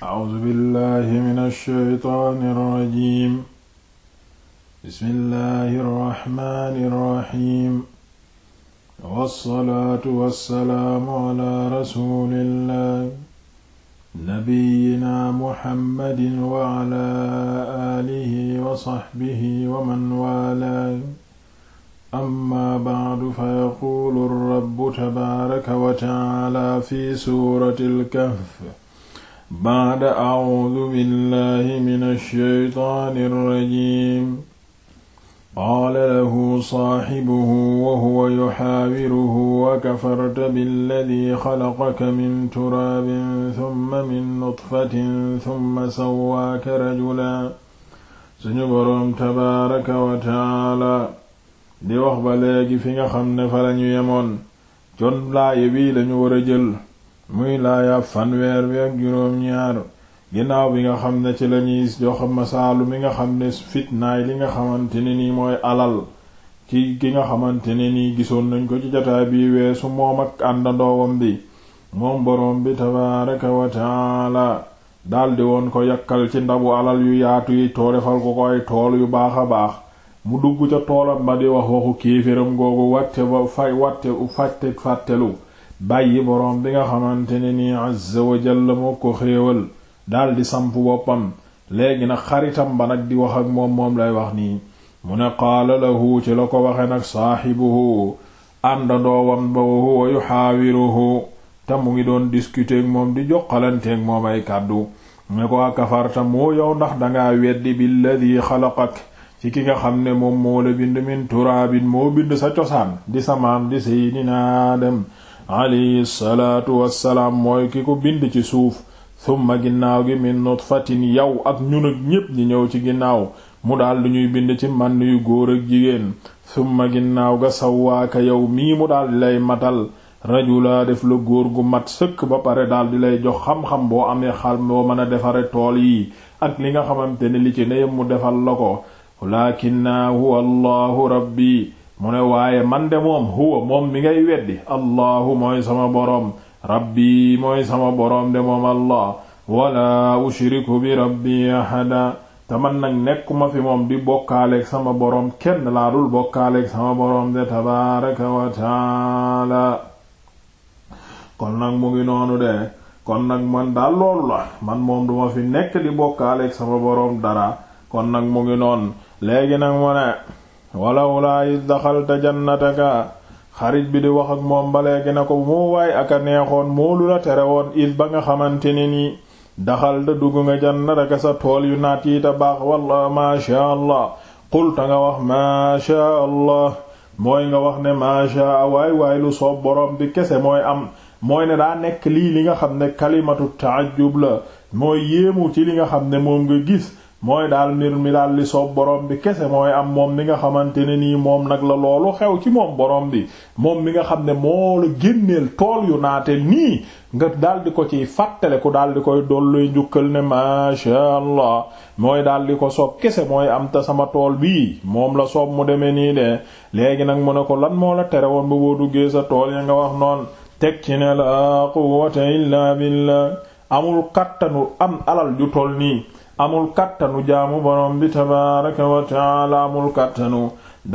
A'uuzu billahi mina shaytaani rajiim. Bismillahi rahmaani rahiim. Wassalaatu wassalaamu ala rasuulillahi nabiyyina Muhammadin wa ala aalihi wa sahbihi wa man waalaahu. Amma ba'du fayaquulu rabbu tabaaraka wa ta'aala fi suuratil kahf. baada acuudu billahi min alsheytaani alrajim qaala lahu saaxibuhu wa huwa yuxaawiruhu akafarta billadi xalaqaka min turaabin summa min nutfatin summa sawaaka rajula suñu boroom tabaaraka wa tacaala di wax ba léegi fi nga xam ne fa lañu yemoon jon laaye bii lañu war a jël muy laaya fanweer bi ak juróom-ñaar ginnaaw bi nga xam ne ci lañuy jox masaalu mi nga xam ne fitnaay li nga xamante ne nii mooy alal ci ki nga xamante ne nii gisoon nañ ko ci jataay bi weesu moom ak àndandoowam bi moom boroom bi tabaaraka wa taala daldi woon ko yakkal ci ndabu alal yu yaatu yi too defal ko ko ay tool yu baax a baax mu dugg ca toolam ba di wax waxu kéeféram googu wàtte ba fay wàtte fàtte fàttelu bàyyi boroom bi nga xamante ne nii azza wa jalla moo ko xéewal daldi samp boppam léegi nag xaritam ba nag di wax ak moom moom lay wax nii mu ne qaala lahu ci la ko waxe nag saaxibuhu àndandoowam ba huwa yuxaawiruhu te mu ngi doon discuter moom di joxalante ak moom ay kàddu ne ko akafarta moo yow ndax dangaa weddi billadi xalaqak ci ki nga xam ne moom moo la bind min turaabin moo bind sa cosaan di sa maam di saydina alayhi salaatu wassalaam mooy ki ko bind ci suuf summa ginnaaw gi min nutfatin yow ak ñun ak ñépp ñi ñëw ci ginnaaw mu daal lu ñuy bind ci mànn yu góor ak jigéen summa ginnaaw ga waaka yow mii mu daal di lay matal rajulaa def la góor gu mat sëkk ba pare daal di lay jox xam-xam boo amee xal boo mën a defare tool yi ak li nga xamante ne li ci ne mu defal la ko lakinna huwa allahu rabbi mu ne waaye man de moom huwa moom mi ngay weddi allahu mooy sama boroom rabbi mooy sama boroom de moom allah wala ushriku bi rabbi ahada te man nag nekkuma fi moom di bokkaaleeg sama boroom kenn laa dul bokkaaleeg sama boroom de tabaaraka wa taala kon nag mu ngi noonu de kon nag man daal loolu la man moom duma fi nekk di bokkaaleeg sama boroom dara kon nag mu ngi noonu léegi nag mu ne walawlaa iz daxalta jannataka xarit bi di wax ak moom ba léegi na ko moo waay a neexoon moolu la tere woon iz ba nga xamante ne nii daxalta dugg nga jannataka sa tool yu naat yi ta baax walla maasha allah qulta nga wax maasha allah mooy nga wax ne maasha waay waay lu soob boroom bi kese mooy am mooy ne daa nekk lii li nga xam ne kalimatu taajub la mooy yéemu ci li nga xam ne moom nga gis mooy daal mbir mi daal li soob borom bi kese mooy am moom mi nga xamante ne nii moom nag la loolu xew ci moom borom bi moom mi nga xam ne moo la génneel tool yu naate nii nga daal di ko ciy fàttale ku daal di koy dolluy njukkal ne masha allah mooy daal di ko soob kese mooy am te sama tool bii moom la soob mu demee nii de léegi nag mu ne ko lan moo la tere woon ba boo duggee sa tool ya nga wax noonu teg ci ne la quwwata illa billah amul kattanu am alal ju tool nii amul kàttanu jaamu borom bi tabaaraka wa taala amul kàttanu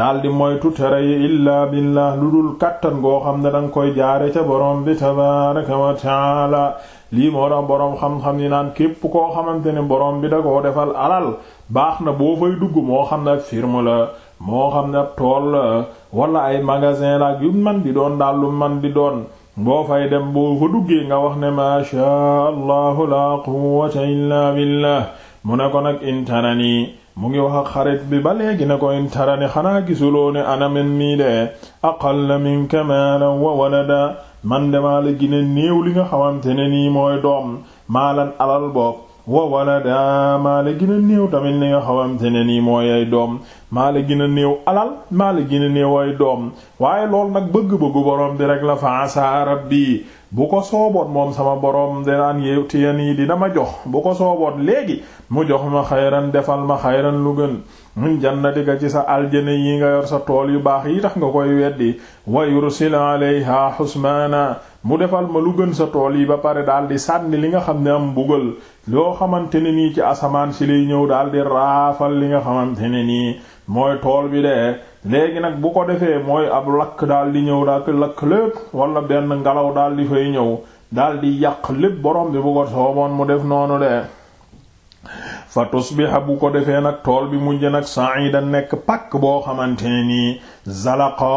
daldi moytu tere yi illaa billah lu dul kàttan goo xam ne danga koy jaare ca borom bi tabaaraka wa taala lii moo tax boroom xam-xam yi naan képp koo xamante ne borom bi da koo defal alal baax na boo fay dugg moo xam ne ak firme la moo xam ne tool la wala ay magasin la ak yu man di doon daal man di doon boo fay dem boo fa duggee nga wax ne maa shaa allahu la quwwata illaa billah mu ne ko nag nii mu ngi wax ak xarit bi ba léegi ne ko intarani xanaa gisuloo ne anamen mii de aqalla minka maalan wa walada man demaa la gine li nga xamante ne nii mooy doom maalan alal bopp wa walada maa la gën néew tamit li nga xamante ne nii mooy doom maa la gën a néew alal maa la gën a néew ay doom waaye lool nag bëgg-bëggu borom bi rek la fa asa rabbi bu ko sooboon moom sama boroom danaan yéwtiyen yi dina ma jox bu ko sooboon léegi mu jox ma xayran defal ma xayran lu gën min jannatika ci sa aljane yi nga yor sa tool yu baax yi tax nga koy weddi wa yursil alayha husmana mu defal ma lu gën sa tool yi ba pare daal di sànni li nga xam ne am mbugal loo xamante ne nii ci asamaan si lay ñëw daal di raafal li nga xamante ne nii mooy tool bi de léegi nag bu ko defee mooy ab lakk daal di ñëw daal lakk lépp wala benn ngelaw daal di fay ñëw daal di yàq lépp borom bi bu ko sooboon mu def noonu de fa tusbiha bu ko defee nag tool bi mujj nag sa'idan nekk pakk boo xamante ne nii zalaqa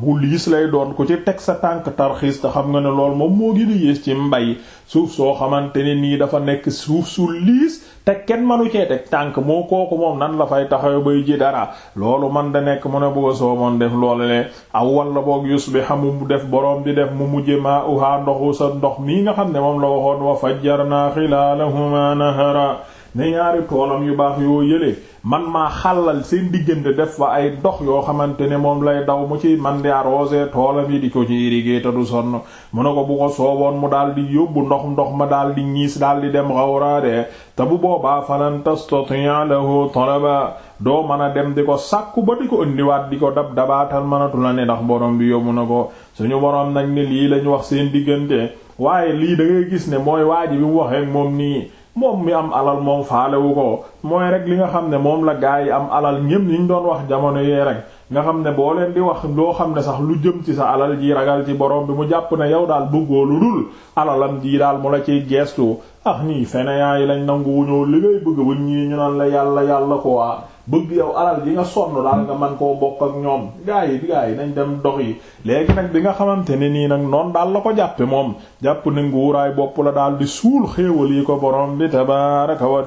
bu liis lay doon ko ci teg sa tànk tarxiis te xam nga ne lool moom moo gën a yées ci mbay suuf soo xamante ne nii dafa nekk suuf su liis te kenn manu cee teg tànk moo kooku moom nan la fay taxaw bay ji dara loolu man da nekk mën ne bëgg soo moon def loolu le aw walla boog yusbiha mu def borom bi def mu mujje ma uhaa ndoxu sa ndox mii nga xam ne moom la waxoon wa fajjarnaa xilaalahuma nahara ne ñaari toolam yu baax yoo yëlee man maa xàllal seen diggante def fa ay dox yoo xamante ne moom lay daw mu ci man di arroser toolam yi di ko ci irriguer te du sonn mu ne ko bu ko sooboon mu daal di yóbbu ndox ndox ma daal di ñiis daal di dem xawraa de te bu boobaa falan tastati'a lahu talaba doo mën a dem di ko sàkku ba di ko indiwaat di ko dab dabaatal mënatu la ne ndax borom bi yóbbu na ko suñu borom nag ne lii lañ wax seen diggante waaye lii da gis ne mooy waa ji bi waxee moom nii moom mi am alal moom faalewu ko mooy rek li nga xam ne moom la gaa yi am alal ñëm yi ñu doon wax jamono yee rek nga xam ne boo leen di wax loo xam ne sax lu jëm ci sa alal ji ragal ci borom bi mu jàpp ne yow daal bëggoo lu dul alalam ji daal mu la ciy geestu ah nii feneyaan yi lañ nangu li ngay bëgg buñ ñii ñu naan la yàlla yàlla ko waa bëgg yow alal ji nga sonn daal nga man koo bokk ak ñoom gaa yi gaa nañ dem dox yi léegi nag bi nga xamante ne nii nag noon daal la ko jàppe moom jàpp ne nguuraay bopp la daal di suul xéewal yi ko boroom bi tabaraka wa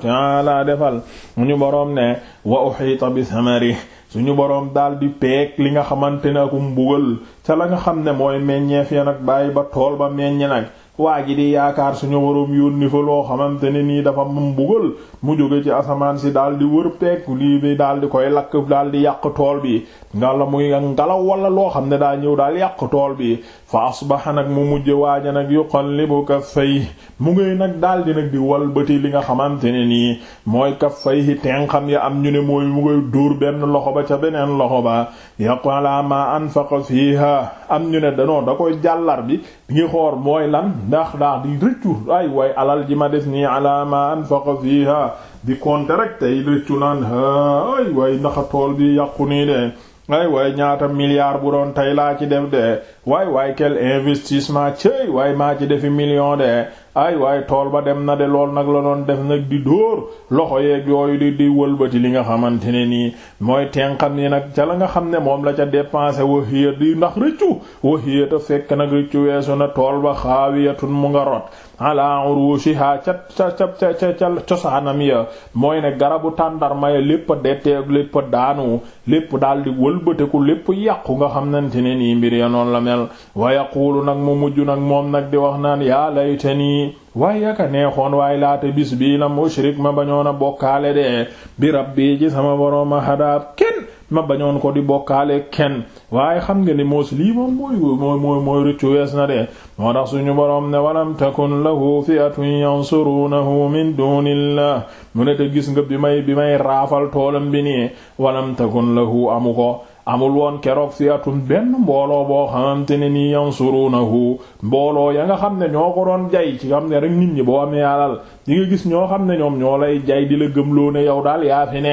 laa defal ñu boroom ne wa uhita bi samari suñu boroom daal di peek li nga xamante ne akum bugal ca la nga xam ne mooy meññeef ya nag bàyyi ba tool ba meññ nag waa ji di yaakaar suñu waroom yónni fa loo xamante ne nii dafa mum bugal mu jóge ci asamaan si daal di wër peek lii bi daal di koy lakk daal di yàq tool bi nga la muy ngelaw wala loo xam ne daa ñëw daal yàq tool bi fa asbaha nag mu mujj waaja nag yuqallibu kaffay mu ngay nag daal di nag di walbati li nga xamante ne nii mooy kaffay yi tenxam yi am ñu ne mooy mu ngay dóor benn loxo ba ca beneen loxo ba yaqala ma anfaqa fiha am ñu ne danoo da koy jàllar bi ngi xoor mooy lan ndax ndax di rëccu ay way alal ji ma def nii ala ma anfaqa fiha di compter rek tey rëccu naan a ay way ndaxa tool bi yàqu nii de ay way ñaata milliard bu doon tey laa ci def de waay waay quel investissement cëy waay maa ci defi million de ay waay tool ba dem na de lool nag la doon def nag di dóor loxo yeeg yooyu di di wëlbati li nga xamante ne nii mooy tenxam yi nag ca la nga xam ne moom la ca dépensé waxiya di ndax rëccu waxiya te fekk nag rëccu weesu na tool ba xaawiyatun mu nga rot ala urushiha ca ca ca ca ca cosaanam ya mooy ne garabu tàndarma ya lépp a dettee lépp daanu lépp daal di wëlbatiku lépp yàqu nga xamante ne nii mbir ya noonu la mel wa nag mu mujj nag moom nag di wax naan yaa laytanii waaye yaka neexoon waaye laata bis bii la mushrik ma bañoon a bokkaale de bi rabbi ci sama boroom a hadaab kenn ma bañoon ko di bokkaale kenn waaye xam nga ni moos lii moom mooy mooy mooy mooy wees na de moo tax suñu boroom ne walam takun lahu fi'atun yansurunahu min dunillah mu ne te gis nga bi may bi may raafal toolam bi nii walam takun lahu amu ko amul woon keroog fiatun benn mbooloo boo xamante ne nii yansurunahu mbooloo ya nga xam ne ñoo ko doon jay ci xam ne rek nit ñi boo amee alal di nga gis ñoo xam ne ñoom ñoo lay jay di la gëmloo ne yow daal yaa fi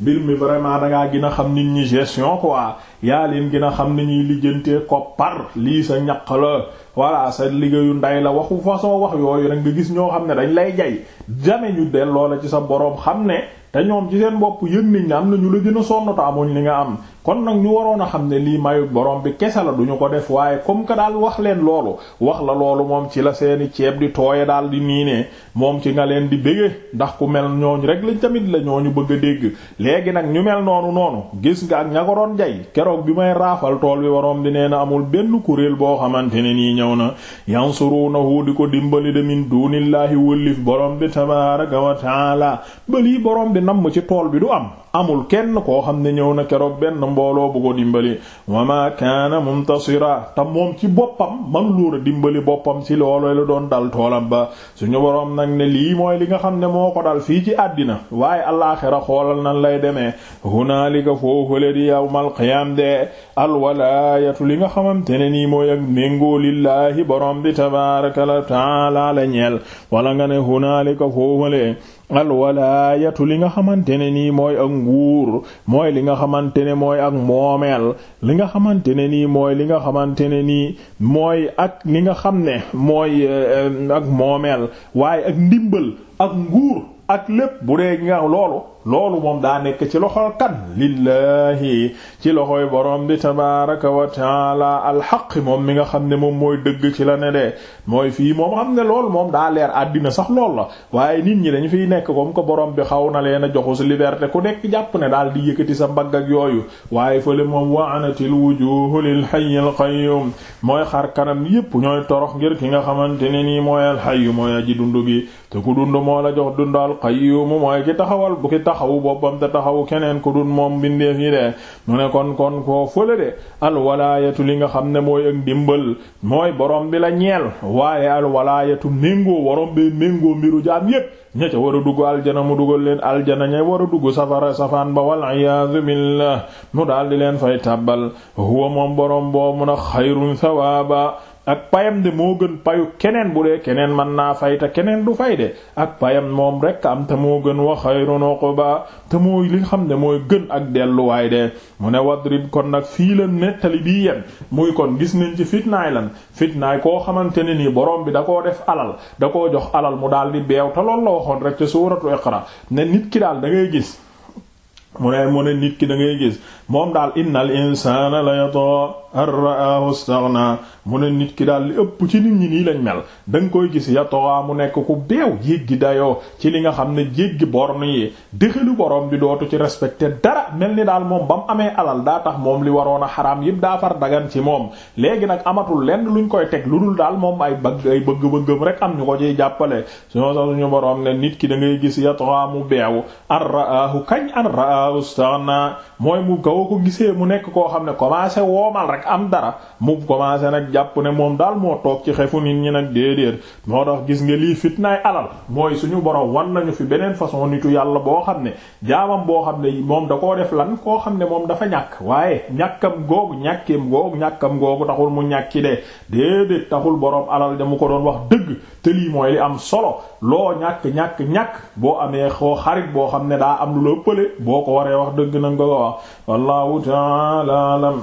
mbir mi vraiment dangaa gën a xam nit ñi gestion quoi yaa leen gën a xam ni ñuy lijjantee koppar lii sa ñaq la voilà sa liggéeyu nday la waxu façon wax yooyu rek nga gis ñoo xam ne dañ lay jay jamais ñu delloo la ci sa boroom xam ne te ñoom ci seen bopp yëg nañ ne am na ñu la gën a sonn te li nga kon nag ñu waroon a xam ne lii mayu borom bi kese la duñu ko def waaye comme que daal wax leen loolu wax la loolu moom ci la seeni ceeb di tooye daal di miinee moom ci nga leen di bëgge ndax ku mel ñooñu rek la tamit la ñoo ñu bëgg a dégg léegi nag ñu mel noonu noonu gis nga ak ña ko doon jay keroog bi may raafal tool bi waroon di nee na amul benn kuréel boo xamante ne nii ñëw na suru yansurunahu di ko dimbali de min dunillahi wëllif borom bi tabaraka wa taala ba lii borom bi namm ci tool bi du am amul kenn koo xam ne ñëw na keroog benn mbooloo bu ko dimbali wa ma kaana muntasira te moom ci boppam man luura dimbali boppam ci loolu la doon dal toolam ba suñu boroom nag ne lii mooy li nga xam ne moo ko dal fii ci àddina waaye allaaxira xoolal nan lay demee hunaalika foofale di yawmal qiyaam de alwalaayatu li nga xamante ne nii mooy ak méngoo lillaahi boroom bi tabaaraka la taala la ñeel wala nga ne hunaalika foofale alwalaayatu li nga xamante nguur mooy li nga xamante ne mooy ak moomeel li nga xamante ne nii mooy li nga xamante ne nii mooy ak li nga xam ne mooy eh, ak moomeel waaye ak ndimbal ak nguur ak lépp bu dee nga loolu loolu moom daa nekk ci loxol kan lillahi ci loxoy borom bi tabaraka wa taala alxaq moom mi nga xam ne moom mooy dëgg ci la ne de mooy fii moom am ne loolu moom daa leer àddina sax lool la waaye nit ñi dañu fiy nekk comme ko borom bi xaw na leen a joxu si liberté ku nekk jàpp ne daal di yëkkati sa mbagg ak yooyu waaye fële moom waanatil wujuhu lil hayyil qayyum mooy xar kanam yépp ñooy torox ngir ki nga xamante ne nii mooy alxayyu mooy aji dund gi te ku dund moo la jox taxawu boppam te taxawu keneen ko dul moom bindeef yi de mu ne kon kon koo fële de alwalaayatu li nga xam ne mooy ak dimbal mooy boroom bi la ñeel waaye alwalaayatu méngoo borom bi méngoo mbiru jaam yépp ña ca war a dugg aljana mu dugal leen aljana ña war a dugg safara safaan ba wal iyaazu billah mu daal di leen fay tàbbal huwa moom borom boo mun a xayrun sawaaba ak payam de moo gën payu keneen bu dee keneen mën naa fay keneen du fay ak payam moom rek am te moo gën wa xayrun uqba te mooy li xam ne mooy gën ak delluwaay de mu ne kon nag fii la nettali bii yem muy kon gis nañ ci fitnaay lan fitnaay koo xamante ne nii borom bi da koo def alal da koo jox alal mu daal di beew te loolu la rek ci suuratu iqra ne nit ki daal dangay ngay gis mu ne mu ne nit ki da ngay gis moom daal innal insaana la yata ar ra'ahu istaghna mu ne nit ki daal li ëpp ci nit ñi nii lañ mel da koy gis yatowa mu nekk ku beew gi dayoo ci li nga xam ne gi borne yi dëxalu borom bi dootu ci respecté dara mel ni daal moom ba mu amee alal daa tax moom li waroon a xaraam yëpp daa far dagan ci moom léegi nag amatul lenn luñ koy teg lu dul daal moom ay bëgg ay bëgg-bëggam rek am ñu ko ciy jàppale suñoo sax suñu borom ne nit ki da ngay gis yatowa mu beew ar ra'ahu kañ ar mu gaw ko gisee mu nekk koo xam ne commencé woomal rek am dara mu commencé nag jàpp ne moom daal moo toog ci xefu nit ñi nag déedéet moo tax gis nga lii fitnaay alal mooy suñu borom wan nañu fi beneen façon nitu yàlla boo xam ne jaamam boo xam ne moom da koo def lan koo xam ne moom dafa ñàkk waaye ñàkkam googu ñàkkeem googu ñàkkam googu taxul mu ñàkk ci de déedéet taxul borom alal da mu ko doon wax dëgg te lii mooy li am solo loo ñàkk ñàkk ñàkk boo amee xoo xarit boo xam ne daa am lu la ëppale boo ko waree wax dëgg na nga ko wax wallahu ta'ala alam